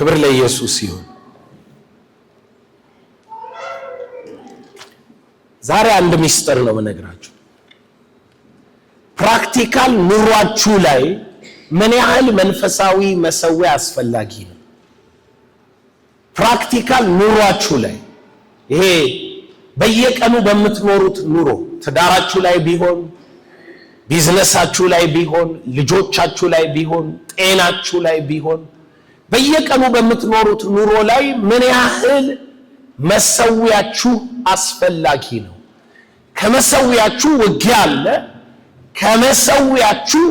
ክብር ለኢየሱስ ይሁን። ዛሬ አንድ ሚስጥር ነው የምነግራችሁ። ፕራክቲካል ኑሯችሁ ላይ ምን ያህል መንፈሳዊ መሰዊያ አስፈላጊ ነው? ፕራክቲካል ኑሯችሁ ላይ ይሄ በየቀኑ በምትኖሩት ኑሮ ትዳራችሁ ላይ ቢሆን፣ ቢዝነሳችሁ ላይ ቢሆን፣ ልጆቻችሁ ላይ ቢሆን፣ ጤናችሁ ላይ ቢሆን በየቀኑ በምትኖሩት ኑሮ ላይ ምን ያህል መሰዊያችሁ አስፈላጊ ነው? ከመሰዊያችሁ ውጊያ አለ፣ ከመሰዊያችሁ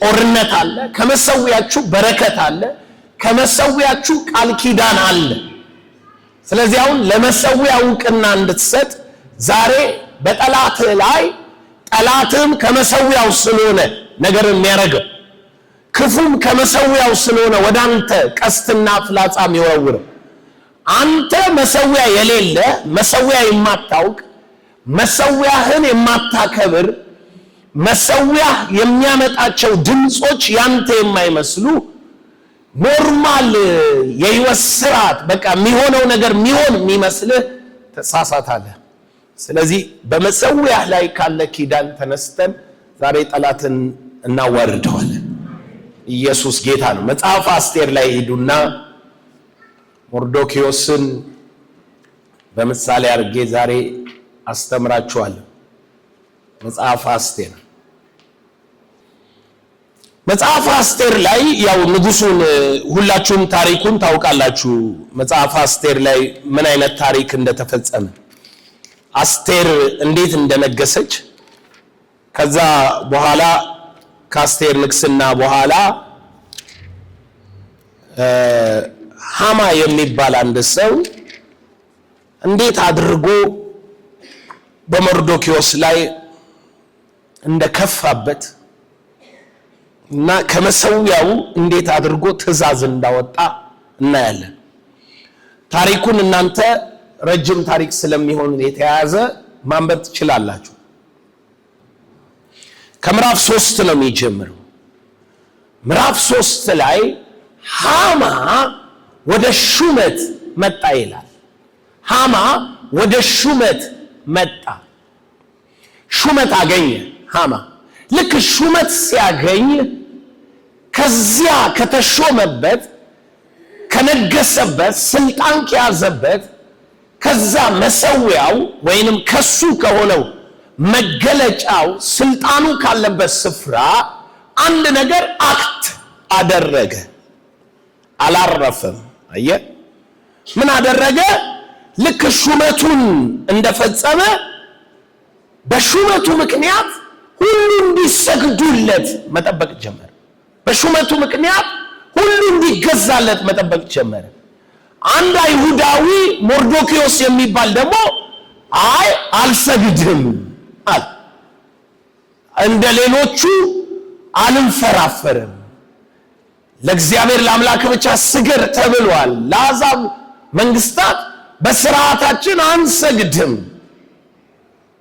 ጦርነት አለ፣ ከመሰዊያችሁ በረከት አለ፣ ከመሰዊያችሁ ቃል ኪዳን አለ። ስለዚህ አሁን ለመሰዊያ እውቅና እንድትሰጥ ዛሬ በጠላት ላይ ጠላትም ከመሰዊያው ስለሆነ ነገር የሚያደርገው ክፉም ከመሰዊያው ስለሆነ ወደ አንተ ቀስትና ፍላጻም ይወረውር። አንተ መሰዊያ የሌለ መሰዊያ የማታውቅ መሰዊያህን የማታከብር መሰዊያ የሚያመጣቸው ድምፆች ያንተ የማይመስሉ ኖርማል የህይወት ስርዓት በቃ የሚሆነው ነገር የሚሆን የሚመስልህ ተሳሳታለህ። ስለዚህ በመሰዊያህ ላይ ካለ ኪዳን ተነስተን ዛሬ ጠላትን እናዋርደዋል። ኢየሱስ ጌታ ነው። መጽሐፍ አስቴር ላይ ሂዱና ሞርዶኪዮስን በምሳሌ አድርጌ ዛሬ አስተምራችኋለሁ። መጽሐፍ አስቴር መጽሐፍ አስቴር ላይ ያው ንጉሱን ሁላችሁም ታሪኩን ታውቃላችሁ። መጽሐፍ አስቴር ላይ ምን አይነት ታሪክ እንደተፈጸመ አስቴር እንዴት እንደነገሰች ከዛ በኋላ ከአስቴር ንግስና በኋላ ሃማ የሚባል አንድ ሰው እንዴት አድርጎ በመርዶኪዎስ ላይ እንደከፋበት እና ከመሰዊያው እንዴት አድርጎ ትዕዛዝ እንዳወጣ እናያለን። ታሪኩን እናንተ ረጅም ታሪክ ስለሚሆን የተያያዘ ማንበብ ትችላላችሁ። ከምዕራፍ ሶስት ነው የሚጀምረው። ምዕራፍ ሶስት ላይ ሃማ ወደ ሹመት መጣ ይላል። ሃማ ወደ ሹመት መጣ፣ ሹመት አገኘ። ሃማ ልክ ሹመት ሲያገኝ ከዚያ ከተሾመበት ከነገሰበት ስልጣን ከያዘበት ከዛ መሰዊያው ወይንም ከሱ ከሆነው መገለጫው ስልጣኑ ካለበት ስፍራ አንድ ነገር አክት አደረገ። አላረፈም። አየ ምን አደረገ? ልክ ሹመቱን እንደፈጸመ በሹመቱ ምክንያት ሁሉ እንዲሰግዱለት መጠበቅ ጀመረ። በሹመቱ ምክንያት ሁሉ እንዲገዛለት መጠበቅ ጀመረ። አንድ አይሁዳዊ ሞርዶኪዎስ የሚባል ደግሞ አይ አልሰግድም አለ። እንደ ሌሎቹ አልንፈራፈርም። ለእግዚአብሔር ለአምላክ ብቻ ስገድ ተብሏል። ለአሕዛብ መንግስታት በስርዓታችን አንሰግድም።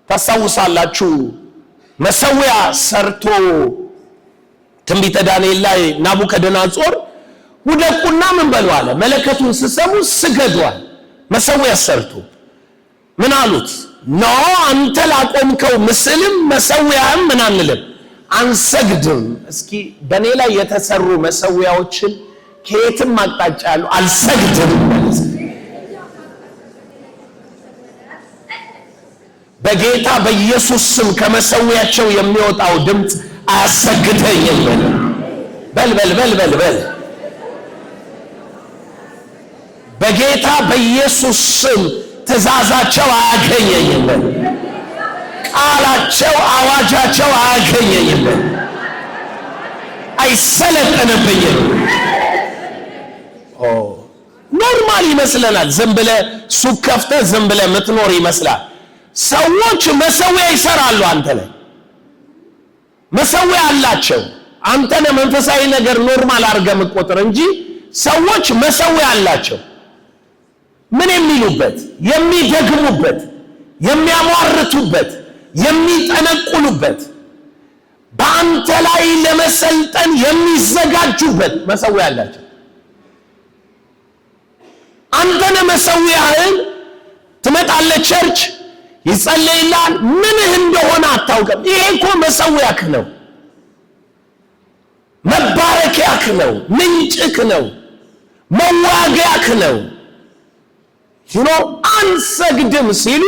ታስታውሳላችሁ መሰዊያ ሰርቶ ትንቢተ ዳንኤል ላይ ናቡከደነጾር ውደቁና ምን በሉ አለ። መለከቱን ስሰሙ ስገዷል። መሰዊያ ሰርቶ ምን አሉት? ኖ አንተ ላቆምከው ምስልም መሰዊያም ምን አንልም አንሰግድም። እስኪ በእኔ ላይ የተሰሩ መሰዊያዎችን ከየትም አቅጣጫ ያሉ አልሰግድም። በጌታ በኢየሱስ ስም ከመሰዊያቸው የሚወጣው ድምፅ አያሰግደኝም። በል በል በል በል በል በጌታ በኢየሱስ ስም ትእዛዛቸው አያገኘኝም፣ ቃላቸው አዋጃቸው አያገኘኝም፣ አይሰለጠንብኝም። ኖርማል ይመስለናል። ዝም ብለህ ሱቅ ከፍተህ ዝም ብለህ የምትኖር ይመስላል። ሰዎች መሰዊያ ይሰራሉ፣ አንተ ላይ መሰዊያ አላቸው። አንተ ነህ መንፈሳዊ ነገር ኖርማል አድርገህ የምትቆጥር እንጂ ሰዎች መሰዊያ አላቸው። ምን የሚሉበት የሚደግሙበት የሚያሟርቱበት የሚጠነቁሉበት በአንተ ላይ ለመሰልጠን የሚዘጋጁበት መሰዊያ አላቸው። አንተን መሰዊያህን ትመጣለህ፣ ቸርች ይጸለይላል፣ ምንህ እንደሆነ አታውቅም። ይሄ እኮ መሰዊያክ ነው፣ መባረኪያክ ነው፣ ምንጭክ ነው፣ መዋጊያክ ነው። ብሎ አንሰግድም ሲሉ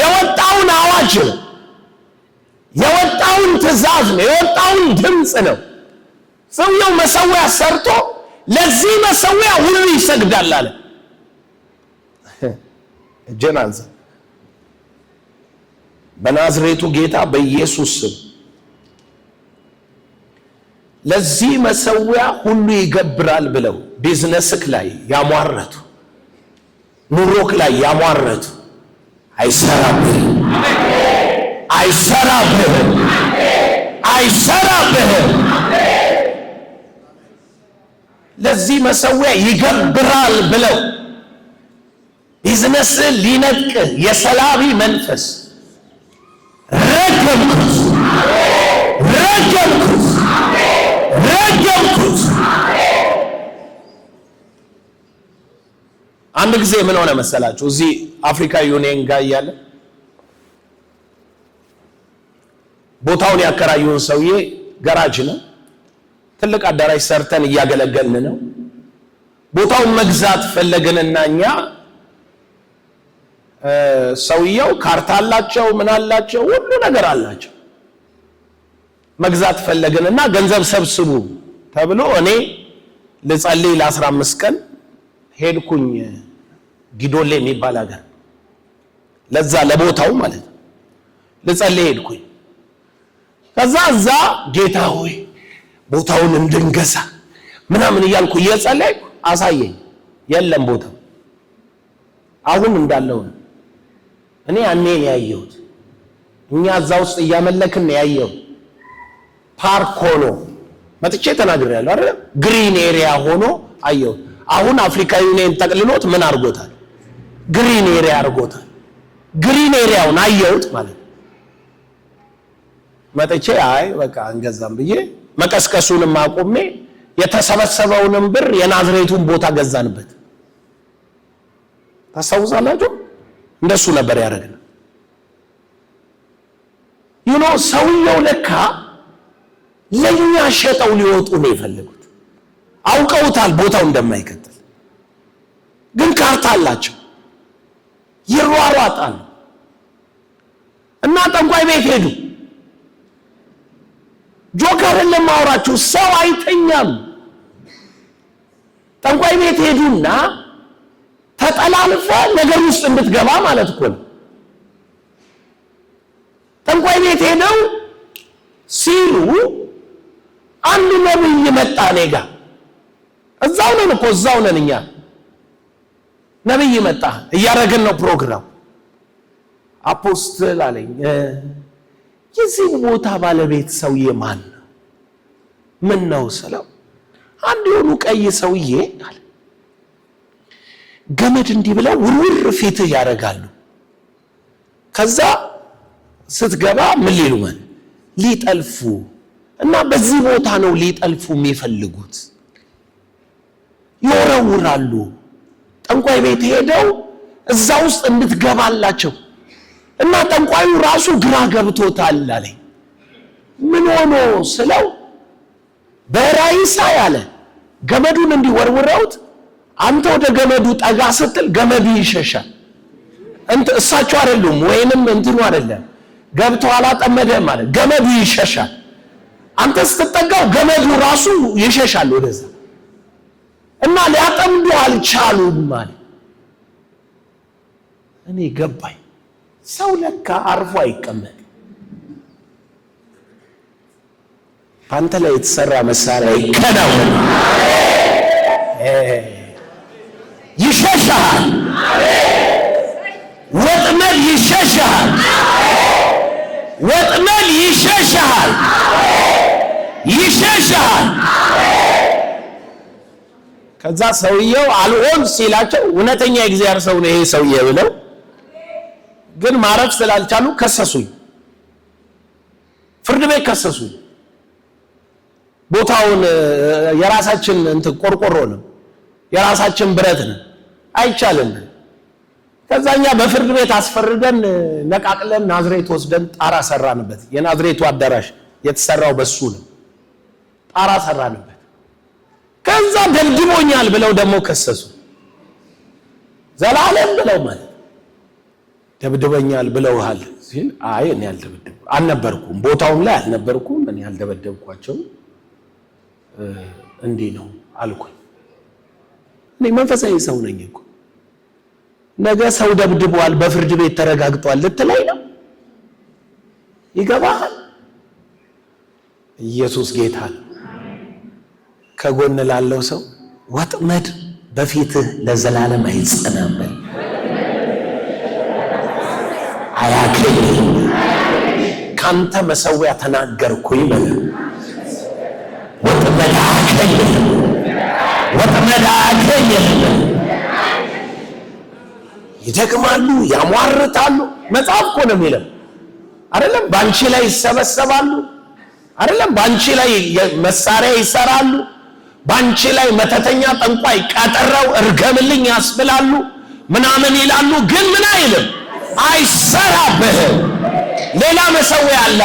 የወጣውን አዋጅ ነው፣ የወጣውን ትእዛዝ ነው፣ የወጣውን ድምፅ ነው። ሰውየው መሰዊያ ሰርቶ ለዚህ መሰዊያ ሁሉ ይሰግዳል አለ። እጄን በናዝሬቱ ጌታ በኢየሱስ ስም ለዚህ መሰዊያ ሁሉ ይገብራል ብለው ቢዝነስክ ላይ ያሟረቱ ኑሮክ ላይ ያሟረት አይሰራብህ፣ አይሰራብህ፣ አይሰራብህ። ለዚህ መሰዊያ ይገብራል ብለው ቢዝነስ ሊነቅ የሰላቢ መንፈስ ረገምኩት። አንድ ጊዜ ምን ሆነ መሰላችሁ? እዚህ አፍሪካ ዩኒየን ጋር እያለ ቦታውን ያከራዩን ሰውዬ ገራጅ ነው። ትልቅ አዳራሽ ሰርተን እያገለገልን ነው። ቦታውን መግዛት ፈለግንና እኛ ሰውየው ካርታ አላቸው፣ ምን አላቸው፣ ሁሉ ነገር አላቸው። መግዛት ፈለግንና ገንዘብ ሰብስቡ ተብሎ እኔ ልጸልይ ለ15 ቀን ሄድኩኝ ጊዶሌ የሚባል ሀገር ለዛ ለቦታው ማለት ነው። ልጸልይ ሄድኩኝ። ከዛ እዛ ጌታ ሆይ ቦታውን እንድንገዛ ምናምን እያልኩ እየጸለይ አሳየኝ። የለም ቦታው አሁን እንዳለው ነው። እኔ ያኔን ያየሁት። እኛ እዛ ውስጥ እያመለክን ያየው ፓርክ ሆኖ መጥቼ ተናግሬያለሁ አይደል? ግሪን ኤሪያ ሆኖ አየሁት። አሁን አፍሪካ ዩኒየን ጠቅልሎት ምን አድርጎታል? ግሪን ኤሪያ አድርጎታል። ግሪን ኤሪያውን አየሁት ማለት ነው። መጥቼ አይ በቃ አንገዛም ብዬ መቀስቀሱንም አቁሜ የተሰበሰበውንም ብር የናዝሬቱን ቦታ ገዛንበት። ታስታውሳላችሁ? እንደሱ ነበር ያደረግነው። ዩኖ ሰውየው ለካ ለኛ ሸጠው ሊወጡ ነው የፈለጉት። አውቀውታል ቦታው እንደማይቀጥል ግን ካርታ አላቸው ይሯሯጣል እና ጠንቋይ ቤት ሄዱ። ጆከርን ለማውራችሁ ሰው አይተኛም። ጠንቋይ ቤት ሄዱና ተጠላልፈ ነገር ውስጥ እንድትገባ ማለት እኮ ነው። ጠንቋይ ቤት ሄደው ሲሉ አንድ ነብይ መጣ እኔ ጋር እዛው ነን እኮ እዛው ነን እኛ። ነብይ መጣ እያደረግን ነው ፕሮግራም። አፖስትል አለኝ የዚህ ቦታ ባለቤት ሰውዬ ማን ነው? ምን ነው ስለው አንድ የሆኑ ቀይ ሰውዬ አለ ገመድ እንዲህ ብለው ውርውር ፊትህ ያደርጋሉ። ከዛ ስትገባ ምን ሊሉ መን ሊጠልፉ እና በዚህ ቦታ ነው ሊጠልፉ የሚፈልጉት ይወረውራሉ። ጠንቋይ ቤት ሄደው እዛ ውስጥ እንድትገባላቸው እና ጠንቋዩ ራሱ ግራ ገብቶታል አለ። ምን ሆኖ ስለው በራይሳ ያለ ገመዱን እንዲወርውረውት አንተ ወደ ገመዱ ጠጋ ስትል ገመዱ ይሸሻል። እንት እሳቸው አይደሉም ወይንም እንትኑ አይደለም ገብቶ አላጠመደም ማለት ገመዱ ይሸሻል። አንተ ስትጠጋው ገመዱ ራሱ ይሸሻል ወደዛ እና ሊያጠምዱ አልቻሉም አለ። እኔ ገባኝ። ሰው ለካ አርፎ አይቀመጥ። በአንተ ላይ የተሰራ መሳሪያ ይከናወን። ይሸሻል፣ ወጥመድ ይሸሻል፣ ወጥመድ ይሸ ከዛ ሰውየው አልሆን ሲላቸው እውነተኛ የእግዚአብሔር ሰው ነው ይሄ ሰውዬ ብለው ግን ማረፍ ስላልቻሉ ከሰሱኝ። ፍርድ ቤት ከሰሱኝ። ቦታውን የራሳችን እንትን ቆርቆሮ ነው፣ የራሳችን ብረት ነው፣ አይቻልም። ከዛኛ በፍርድ ቤት አስፈርደን ነቃቅለን ናዝሬት ወስደን ጣራ ሰራንበት። የናዝሬቱ አዳራሽ የተሰራው በሱ ነው። ጣራ ሰራንበት። ከዛ ደብድቦኛል ብለው ደግሞ ከሰሱ። ዘላለም ብለው ማለት ደብድበኛል ብለውሃል ሲል አይ እኔ አልደበደብኩም አልነበርኩም፣ ቦታውም ላይ አልነበርኩም፣ እኔ አልደበደብኳቸው እንዲህ ነው አልኩኝ። እኔ መንፈሳዊ ሰው ነኝ እኮ ነገ ሰው ደብድቧል፣ በፍርድ ቤት ተረጋግጧል ልትለኝ ነው? ይገባሃል። ኢየሱስ ጌታ ነው። ከጎን ላለው ሰው ወጥመድ በፊትህ ለዘላለም በል። አያገኝም። ካንተ መሰዊያ ተናገርኩ ይበል። ወጥመድ አያገኝም። ወጥመድ አያገኝም። ይደግማሉ፣ ያሟርታሉ። መጽሐፍ እኮ ነው የሚለው አይደለም። በአንቺ ላይ ይሰበሰባሉ አይደለም። በአንቺ ላይ መሳሪያ ይሰራሉ በአንቺ ላይ መተተኛ ጠንቋይ ቀጠረው እርገምልኝ ያስብላሉ ምናምን ይላሉ። ግን ምን አይልም፣ አይሰራብህም። ሌላ መሰዊያ አለ፣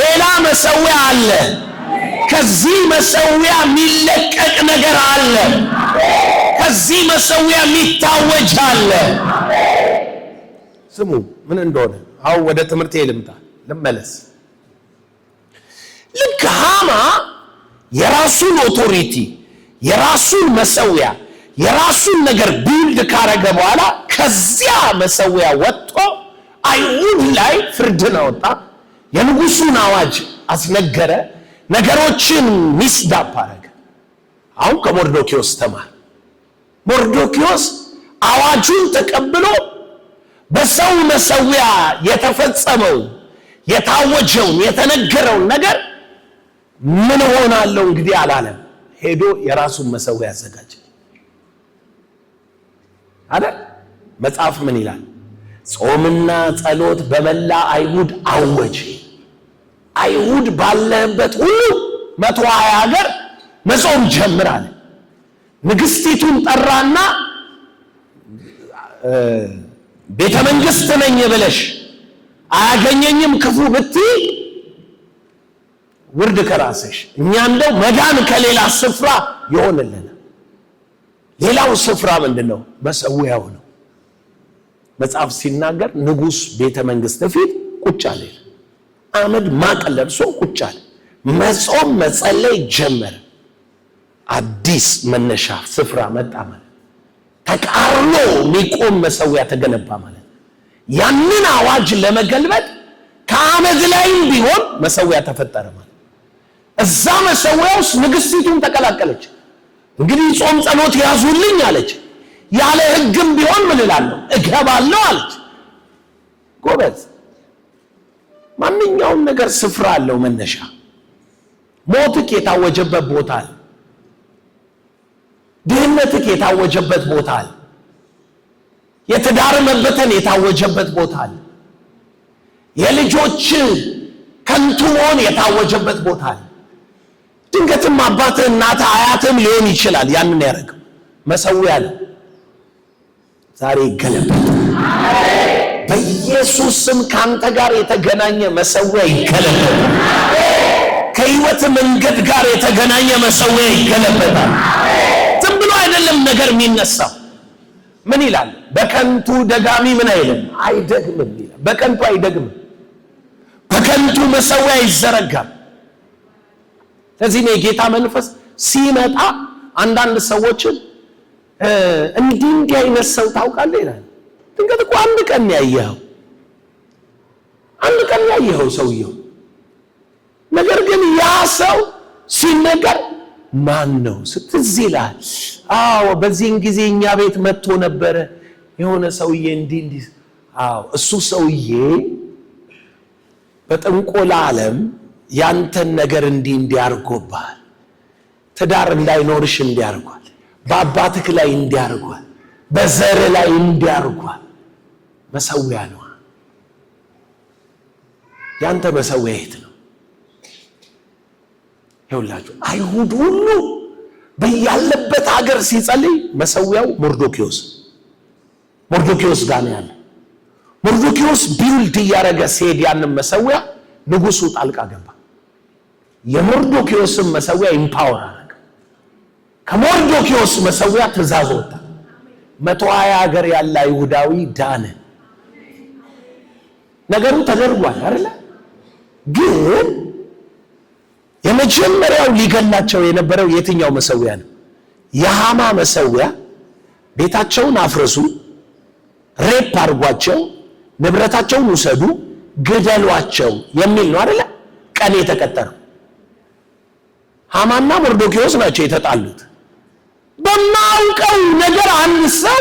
ሌላ መሰዊያ አለ። ከዚህ መሰዊያ የሚለቀቅ ነገር አለ። ከዚህ መሰዊያ የሚታወጅ አለ። ስሙ ምን እንደሆነ አሁን ወደ ትምህርቴ ልምጣ ልመለስ። ልክ ሃማ የራሱን ኦቶሪቲ የራሱን መሰዊያ የራሱን ነገር ቢልድ ካረገ በኋላ ከዚያ መሰዊያ ወጥቶ አይሁድ ላይ ፍርድን አወጣ፣ የንጉሱን አዋጅ አስነገረ፣ ነገሮችን ሚስዳፕ አረገ። አሁን ከሞርዶኪዎስ ተማር። ሞርዶኪዎስ አዋጁን ተቀብሎ በሰው መሰዊያ የተፈጸመውን የታወጀውን የተነገረውን ነገር ምን ሆናለው እንግዲህ አላለም። ሄዶ የራሱን መሰዊያ ያዘጋጀ አይደል? መጽሐፍ ምን ይላል? ጾምና ጸሎት በመላ አይሁድ አወጅ አይሁድ ባለህበት ሁሉ መቶ ሀያ ሀገር መጾም ጀምር አለ። ንግስቲቱን ጠራና ቤተ መንግስት ነኝ ብለሽ አያገኘኝም ክፉ ብትይ ውርድ ከራስሽ እኛ እንደው መዳን ከሌላ ስፍራ ይሆንልን። ሌላው ስፍራ ምንድን ነው? መሰዊያው ነው። መጽሐፍ ሲናገር ንጉሥ ቤተ መንግሥት ፊት ቁጭ አለ፣ አመድ ማቅ ለብሶ ቁጭ አለ። መጾም መጸለይ ጀመረ። አዲስ መነሻ ስፍራ መጣ ማለት ተቃርኖ የሚቆም መሰዊያ ተገነባ ማለት ያንን አዋጅ ለመገልበጥ ከአመድ ላይም ቢሆን መሰዊያ ተፈጠረ ማለት እዛ መሰዊያ ውስጥ ንግስቲቱን ተቀላቀለች። እንግዲህ ጾም ጸሎት ያዙልኝ አለች። ያለ ህግም ቢሆን ምን እላለሁ እገባለሁ አለች። ጎበዝ፣ ማንኛውም ነገር ስፍራ አለው መነሻ። ሞትክ የታወጀበት ቦታ አለ። ድህነትክ የታወጀበት ቦታ አለ። የትዳር መበተን የታወጀበት ቦታ አለ። የልጆች ከንቱ መሆን የታወጀበት ቦታ አለ። ድንገትም አባትህ እናትህ አያትም ሊሆን ይችላል። ያንን ያደረገው መሰዊያ ያለ ዛሬ ይገለበጥ በኢየሱስ ስም። ከአንተ ጋር የተገናኘ መሰዊያ ይገለበጥ። ከህይወት መንገድ ጋር የተገናኘ መሰዊያ ይገለበጣል። ዝም ብሎ አይደለም ነገር የሚነሳው። ምን ይላል? በከንቱ ደጋሚ ምን አይልም አይደግምም። በከንቱ አይደግምም። በከንቱ መሰዊያ ይዘረጋል። ለዚህ ነው የጌታ መንፈስ ሲመጣ አንዳንድ ሰዎችን እንዲህ እንዲህ አይነት ሰው ታውቃለህ ይላል። ድንገት እኮ አንድ ቀን ያየኸው አንድ ቀን ያየኸው ሰውየው ነገር ግን ያ ሰው ሲነገር ማን ነው ስትዝ ይላል። አዎ በዚህን ጊዜ እኛ ቤት መጥቶ ነበረ የሆነ ሰውዬ እንዲህ እንዲህ። አዎ እሱ ሰውዬ በጥንቆላ ዓለም ያንተን ነገር እንዲህ እንዲያርጎብሃል። ትዳር እንዳይኖርሽ እንዲያርጓል። በአባትክ ላይ እንዲያርጓል። በዘር ላይ እንዲያርጓል። መሰዊያ ነው። ያንተ መሰዊያ የት ነው? ይውላችሁ አይሁድ ሁሉ በያለበት ሀገር ሲጸልይ መሰዊያው ሞርዶኪዎስ ሞርዶኪዎስ ጋር ነው ያለ። ሞርዶኪዎስ ቢውልድ እያደረገ ሲሄድ ያንን መሰዊያ ንጉሱ ጣልቃ ገባ። የሞርዶኪዎስን መሰዊያ ኢምፓወር አደረገ። ከሞርዶኪዎስ መሰዊያ ትእዛዝ ወጣ። መቶ ሀያ ሀገር ያለ አይሁዳዊ ዳነ። ነገሩ ተደርጓል አይደለ? ግን የመጀመሪያው ሊገላቸው የነበረው የትኛው መሰዊያ ነው? የሃማ መሰዊያ። ቤታቸውን አፍርሱ፣ ሬፕ አድርጓቸው፣ ንብረታቸውን ውሰዱ፣ ግደሏቸው የሚል ነው አይደለ? ቀን የተቀጠረው ሃማና ሞርዶኪዎስ ናቸው የተጣሉት። በማውቀው ነገር አንድ ሰው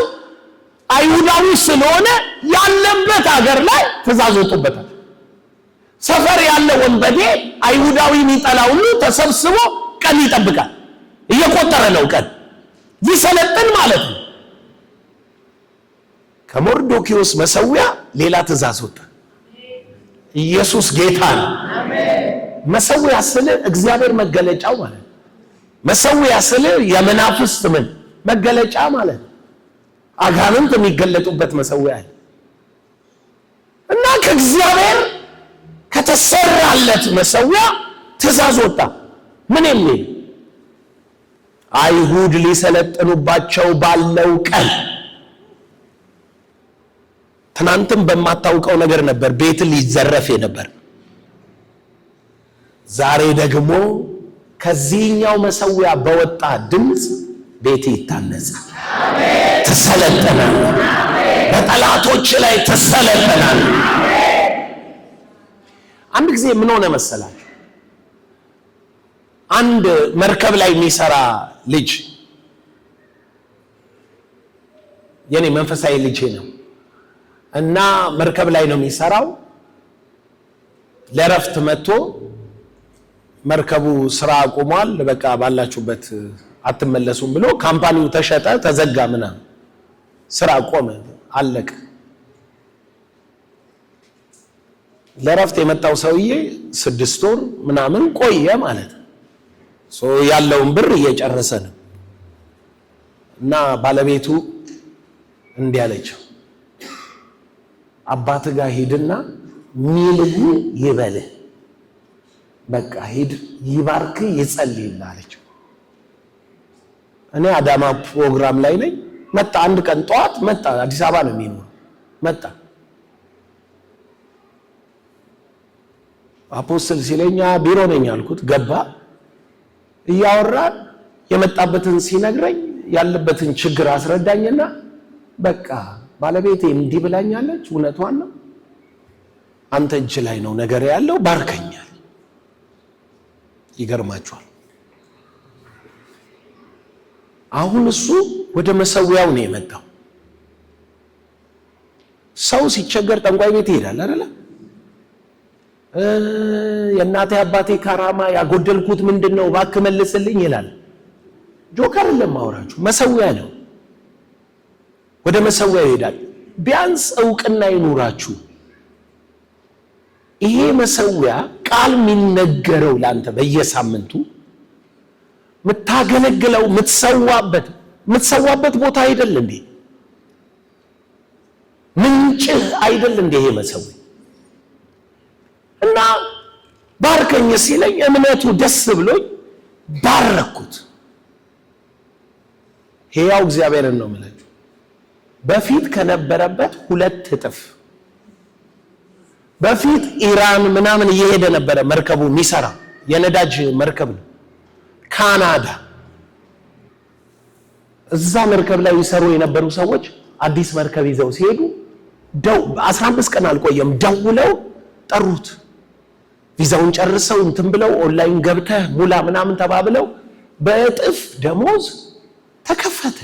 አይሁዳዊ ስለሆነ ያለበት አገር ላይ ትእዛዝ ወጡበታል። ሰፈር ያለ ወንበዴ አይሁዳዊ የሚጠላ ሁሉ ተሰብስቦ ቀን ይጠብቃል። እየቆጠረ ነው ቀን ይሰለጥን ማለት ነው። ከሞርዶኪዎስ መሰዊያ ሌላ ትእዛዝ ወጣ። ኢየሱስ ጌታ ነው። መሰዊያ ስል እግዚአብሔር መገለጫ ማለት ነው። መሰዊያ ስል የመናፍስት ምን መገለጫ ማለት ነው። አጋንንት የሚገለጡበት መሰዊያ እና ከእግዚአብሔር ከተሰራለት መሰዊያ ትእዛዝ ወጣ። ምን የሚል አይሁድ ሊሰለጥኑባቸው ባለው ቀን ትናንትም በማታውቀው ነገር ነበር ቤት ሊዘረፍ ነበር። ዛሬ ደግሞ ከዚህኛው መሰዊያ በወጣ ድምፅ ቤቴ ይታነጻል፣ ትሰለጠናል፣ በጠላቶች ላይ ትሰለጠናል። አንድ ጊዜ ምን ሆነ መሰላችሁ? አንድ መርከብ ላይ የሚሰራ ልጅ የኔ መንፈሳዊ ልጅ ነው እና መርከብ ላይ ነው የሚሰራው። ለእረፍት መጥቶ መርከቡ ስራ አቁሟል፣ በቃ ባላችሁበት አትመለሱም ብሎ ካምፓኒው ተሸጠ፣ ተዘጋ፣ ምናምን ስራ ቆመ፣ አለቀ። ለእረፍት የመጣው ሰውዬ ስድስት ወር ምናምን ቆየ ማለት ነው። ያለውን ብር እየጨረሰ ነው። እና ባለቤቱ እንዲህ አለችው፣ አባት ጋር ሂድና ሚልጉ ይበልህ በቃ ሄድ ይባርክ ይጸልይልህ አለችው። እኔ አዳማ ፕሮግራም ላይ ነኝ። መጣ አንድ ቀን ጠዋት መጣ። አዲስ አበባ ነው የሚኖር መጣ። አፖስትል ሲለኛ ቢሮ ነኝ አልኩት። ገባ። እያወራን የመጣበትን ሲነግረኝ ያለበትን ችግር አስረዳኝና በቃ ባለቤቴ እንዲህ ብላኛለች፣ እውነቷን ነው። አንተ እጅ ላይ ነው ነገር ያለው፣ ባርከኛል ይገርማችኋል። አሁን እሱ ወደ መሰዊያው ነው የመጣው። ሰው ሲቸገር ጠንቋይ ቤት ይሄዳል አይደለ? የእናቴ አባቴ ካራማ ያጎደልኩት ምንድን ነው እባክህ መልስልኝ ይላል። ጆከር ለማውራችሁ መሰዊያ ነው። ወደ መሰዊያው ይሄዳል። ቢያንስ እውቅና ይኑራችሁ ይሄ መሰዊያ ቃል የሚነገረው ለአንተ በየሳምንቱ የምታገለግለው የምትሰዋበት የምትሰዋበት ቦታ አይደል እንዴ? ምንጭህ አይደል እንዴ? ይሄ መሰዊ እና ባርከኝ ሲለኝ እምነቱ ደስ ብሎኝ ባረኩት። ሕያው እግዚአብሔርን ነው የምላችሁ በፊት ከነበረበት ሁለት እጥፍ በፊት ኢራን ምናምን እየሄደ ነበረ መርከቡ የሚሰራ የነዳጅ መርከብ ነው። ካናዳ እዛ መርከብ ላይ ይሰሩ የነበሩ ሰዎች አዲስ መርከብ ይዘው ሲሄዱ አስራ አምስት ቀን አልቆየም፣ ደውለው ጠሩት። ቪዛውን ጨርሰው እንትን ብለው ኦንላይን ገብተህ ሙላ ምናምን ተባብለው በእጥፍ ደሞዝ ተከፈተ።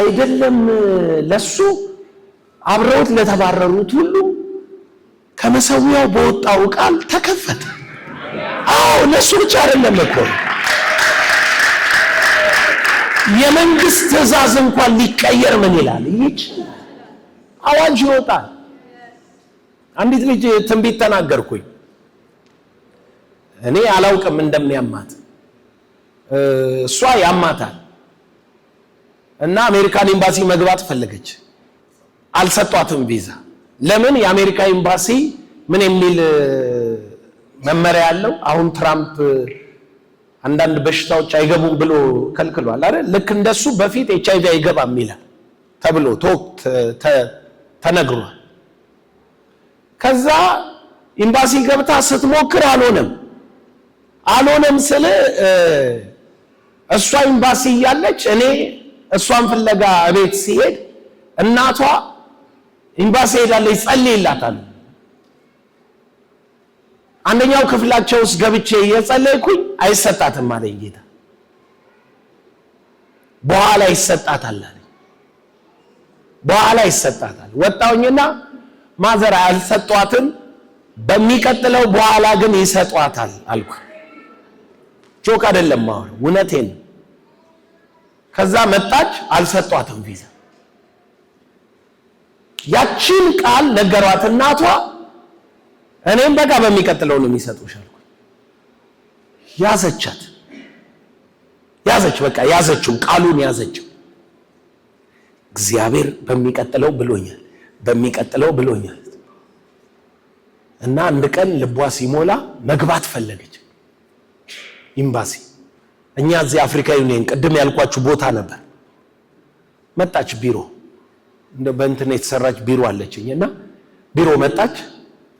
አይደለም ለሱ አብረውት ለተባረሩት ሁሉ ከመሰዊያው በወጣው ቃል ተከፈተ። አዎ ለሱ ብቻ አይደለም እኮ የመንግስት ትእዛዝ እንኳን ሊቀየር ምን ይላል? ይች አዋጅ ይወጣል። አንዲት ልጅ ትንቢት ተናገርኩኝ እኔ አላውቅም እንደሚያማት እሷ ያማታል እና አሜሪካን ኤምባሲ መግባት ፈለገች፣ አልሰጧትም ቪዛ ለምን የአሜሪካ ኤምባሲ ምን የሚል መመሪያ ያለው አሁን ትራምፕ አንዳንድ በሽታዎች አይገቡም ብሎ ከልክሏል አይደል? ልክ እንደሱ በፊት ኤች አይቪ አይገባም ይላል ተብሎ ተነግሯል። ከዛ ኤምባሲ ገብታ ስትሞክር አልሆነም። አልሆነም ስል እሷ ኤምባሲ እያለች እኔ እሷን ፍለጋ እቤት ሲሄድ እናቷ ኤምባሲ ሄዳለ ይጸልይላታል። አንደኛው ክፍላቸው ውስጥ ገብቼ እየጸለይኩኝ አይሰጣትም አለኝ ጌታ። በኋላ ይሰጣታል አለኝ። በኋላ ይሰጣታል። ወጣውኝና ማዘር አልሰጧትም፣ በሚቀጥለው በኋላ ግን ይሰጧታል አልኩ። ጆክ አይደለም፣ እውነቴን። ከዛ መጣች፣ አልሰጧትም ቪዛ ያቺን ቃል ነገሯት እናቷ። እኔም በቃ በሚቀጥለው ነው የሚሰጡሽ አልኩኝ። ያዘቻት ያዘች፣ በቃ ያዘችው፣ ቃሉን ያዘችው። እግዚአብሔር በሚቀጥለው ብሎኛል፣ በሚቀጥለው ብሎኛል እና አንድ ቀን ልቧ ሲሞላ መግባት ፈለገች ኢምባሲ። እኛ እዚህ አፍሪካ ዩኒየን ቅድም ያልኳችሁ ቦታ ነበር። መጣች ቢሮ እንደ በእንትና የተሰራች ቢሮ አለችኝ እና ቢሮ መጣች።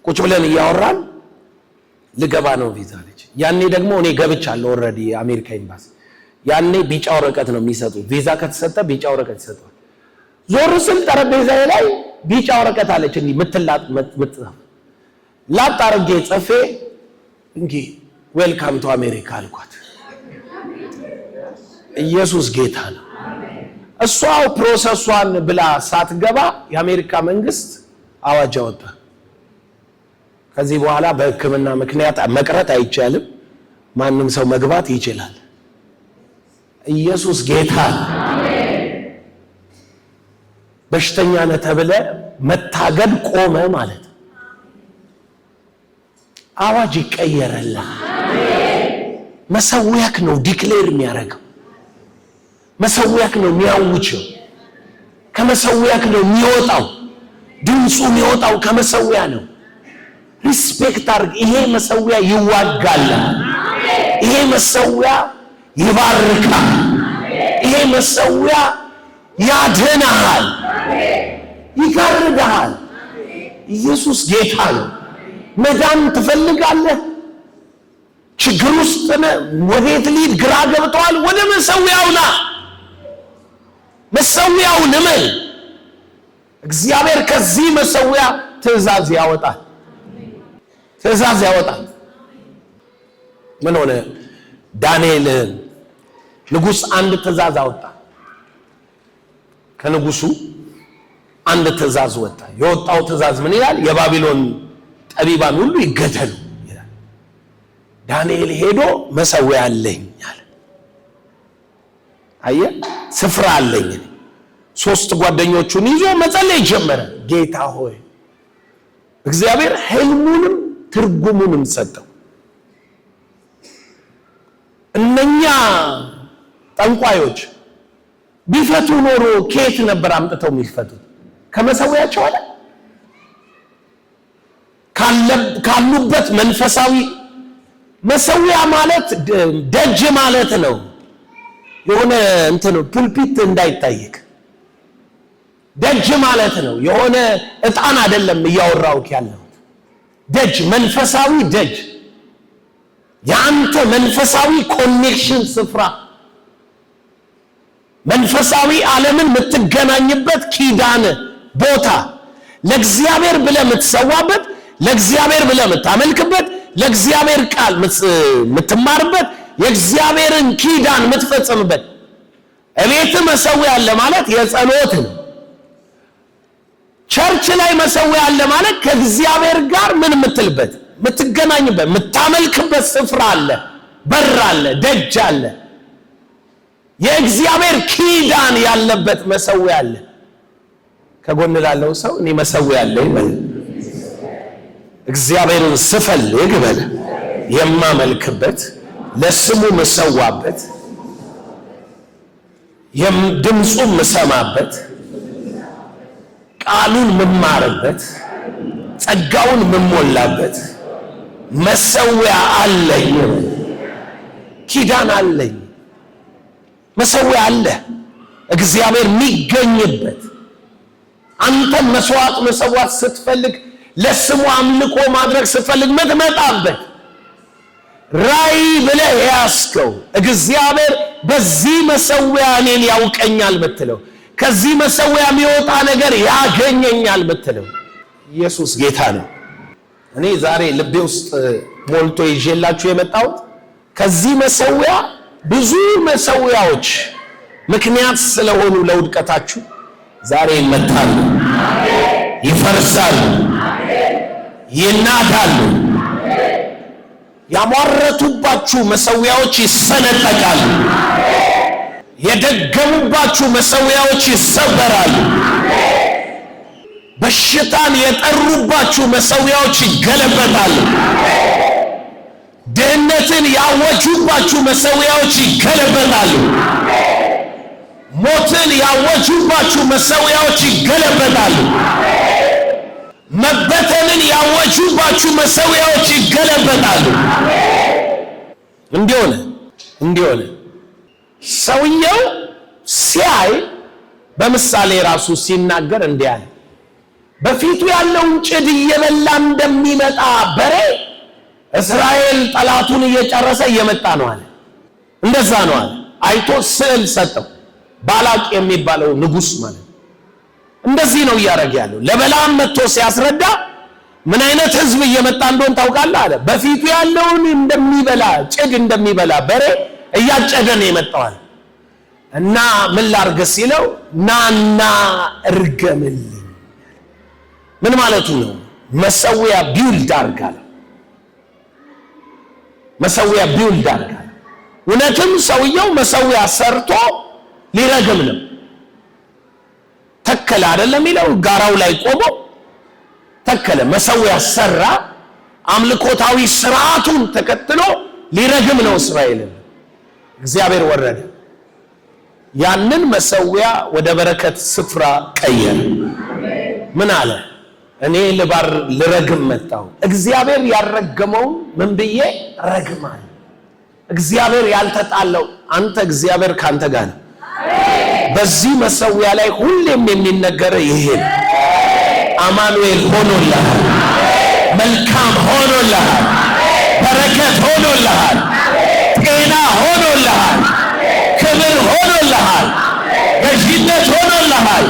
ቁጭ ብለን እያወራን ልገባ ነው ቪዛ አለች። ያኔ ደግሞ እኔ ገብቻለሁ ኦልሬዲ የአሜሪካ ኤምባሲ። ያኔ ቢጫ ወረቀት ነው የሚሰጡ፣ ቪዛ ከተሰጠ ቢጫ ወረቀት ይሰጠዋል። ዞር ስል ጠረጴዛ ላይ ቢጫ ወረቀት አለች እንዲህ ምትላጥ ምትጻፍ ላጥ አድርጌ ጽፌ እንጂ ዌልካም ቱ አሜሪካ አልኳት። ኢየሱስ ጌታ ነው። እሷው ፕሮሰሷን ብላ ሳትገባ የአሜሪካ መንግስት አዋጅ አወጣ። ከዚህ በኋላ በሕክምና ምክንያት መቅረት አይቻልም፣ ማንም ሰው መግባት ይችላል። ኢየሱስ ጌታ። በሽተኛ ነህ ተብለ መታገድ ቆመ ማለት አዋጅ ይቀየረላ። መሰዊያክ ነው ዲክሌር የሚያደርገው መሰዊያክ ነው የሚያውጭው፣ ከመሰዊያክ ነው የሚወጣው። ድምፁ የሚወጣው ከመሰዊያ ነው። ሪስፔክት አድርግ። ይሄ መሰዊያ ይዋጋል። ይሄ መሰዊያ ይባርካል። ይሄ መሰዊያ ያድንሃል፣ ይጋርድሃል። ኢየሱስ ጌታ ነው። መዳን ትፈልጋለህ? ችግር ውስጥ ወዴት ሊድ ግራ ገብተዋል? ወደ መሰዊያውና መሰዊያው እመን። እግዚአብሔር ከዚህ መሰዊያ ትእዛዝ ያወጣል። ትእዛዝ ያወጣል። ምን ሆነ? ዳንኤል ንጉሥ አንድ ትእዛዝ አወጣ። ከንጉሱ አንድ ትእዛዝ ወጣ። የወጣው ትእዛዝ ምን ይላል? የባቢሎን ጠቢባን ሁሉ ይገደሉ ይላል። ዳንኤል ሄዶ መሰዊያ አለኝ አለ። አየህ ስፍራ አለኝ። ሶስት ጓደኞቹን ይዞ መጸለይ ጀመረ። ጌታ ሆይ እግዚአብሔር ህልሙንም ትርጉሙንም ሰጠው። እነኛ ጠንቋዮች ቢፈቱ ኖሮ ከየት ነበር አምጥተው የሚፈቱት? ከመሰዊያቸው አለ ካሉበት መንፈሳዊ መሰዊያ ማለት ደጅ ማለት ነው። የሆነ እንትን ፑልፒት እንዳይታይክ ደጅ ማለት ነው። የሆነ እጣን አይደለም እያወራውክ ያለው ደጅ፣ መንፈሳዊ ደጅ፣ የአንተ መንፈሳዊ ኮኔክሽን ስፍራ፣ መንፈሳዊ ዓለምን የምትገናኝበት ኪዳን ቦታ፣ ለእግዚአብሔር ብለህ የምትሰዋበት፣ ለእግዚአብሔር ብለህ የምታመልክበት፣ ለእግዚአብሔር ቃል የምትማርበት የእግዚአብሔርን ኪዳን የምትፈጽምበት እቤት መሰዊያ አለ ማለት የጸሎት ነው። ቸርች ላይ መሰዊያ አለ ማለት ከእግዚአብሔር ጋር ምን የምትልበት የምትገናኝበት የምታመልክበት ስፍራ አለ፣ በር አለ፣ ደጅ አለ፣ የእግዚአብሔር ኪዳን ያለበት መሰዊያ አለ። ከጎን ላለው ሰው እኔ መሰዊያ አለ ይበል፣ እግዚአብሔርን ስፈልግ በለ የማመልክበት ለስሙ ምሰዋበት ድምፁ ምሰማበት ቃሉን ምማርበት ጸጋውን ምሞላበት መሰዊያ አለኝ፣ ኪዳን አለኝ። መሰዊያ አለ እግዚአብሔር የሚገኝበት አንተም መስዋዕት መሰዋት ስትፈልግ ለስሙ አምልኮ ማድረግ ስትፈልግ ምትመጣበት ራይ ብለህ ያስከው እግዚአብሔር በዚህ መሰዊያ እኔን ያውቀኛል ምትለው ከዚህ መሰዊያ የሚወጣ ነገር ያገኘኛል ምትለው ኢየሱስ ጌታ ነው። እኔ ዛሬ ልቤ ውስጥ ሞልቶ ይዤላችሁ የመጣሁት ከዚህ መሰዊያ ብዙ መሰዊያዎች ምክንያት ስለሆኑ ለውድቀታችሁ ዛሬ ይመታሉ፣ ይፈርሳሉ፣ ይናዳሉ። ያሟረቱባችሁ መሰዊያዎች ይሰነጠቃሉ። የደገሙባችሁ መሰዊያዎች ይሰበራሉ። በሽታን የጠሩባችሁ መሰዊያዎች ይገለበጣሉ። ድህነትን ያወጁባችሁ መሰዊያዎች ይገለበጣሉ። ሞትን ያወጁባችሁ መሰዊያዎች ይገለበጣሉ። መበተንን ያወጁባችሁ መሰዊያዎች ይገለበጣሉ። እንዲሆነ እንዲሆነ ሰውየው ሲያይ በምሳሌ ራሱ ሲናገር እንዲያ በፊቱ ያለውን ጭድ እየበላ እንደሚመጣ በሬ እስራኤል ጠላቱን እየጨረሰ እየመጣ ነው አለ። እንደዛ ነው አለ። አይቶ ስዕል ሰጠው። ባላቅ የሚባለው ንጉሥ ማለት እንደዚህ ነው እያደረገ ያለው። ለበላም መጥቶ ሲያስረዳ ምን አይነት ህዝብ እየመጣ እንደሆን ታውቃለህ አለ። በፊቱ ያለውን እንደሚበላ ጭድ እንደሚበላ በሬ እያጨደ ነው የመጣዋል። እና ምን ላርገ ሲለው ናና እርገምልኝ። ምን ማለቱ ነው? መሰዊያ ቢውልድ አርጋለ መሰዊያ ቢውልድ አርጋለ። እውነትም ሰውየው መሰዊያ ሰርቶ ሊረግም ነው። ተከለ አይደለም የሚለው ጋራው ላይ ቆሞ ተከለ መሰዊያ ሰራ። አምልኮታዊ ስርዓቱን ተከትሎ ሊረግም ነው እስራኤልን። እግዚአብሔር ወረደ፣ ያንን መሰዊያ ወደ በረከት ስፍራ ቀየረ። ምን አለ? እኔ ልባር ልረግም መጣው እግዚአብሔር ያረገመውን ምን ብዬ ረግማል? እግዚአብሔር ያልተጣለው አንተ እግዚአብሔር ካንተ ጋር ነው በዚህ መሰዊያ ላይ ሁሌም የሚነገር ይሄን አማኑኤል ሆኖልሃል፣ መልካም ሆኖልሃል፣ በረከት ሆኖልሃል፣ ጤና ሆኖልሃል፣ ክብር ሆኖልሃል፣ ገዥነት ሆኖልሃል፣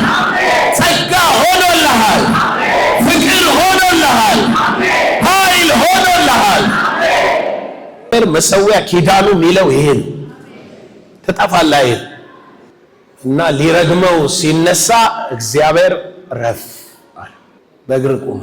ጸጋ ሆኖልሃል፣ ፍቅር ሆኖልሃል፣ ኃይል ሆኖልሃል። መሰዊያ ኪዳኑ የሚለው ይሄ ነው። ትጠፋለህ። እና ሊረግመው ሲነሳ እግዚአብሔር ረፍ በእግር ቁም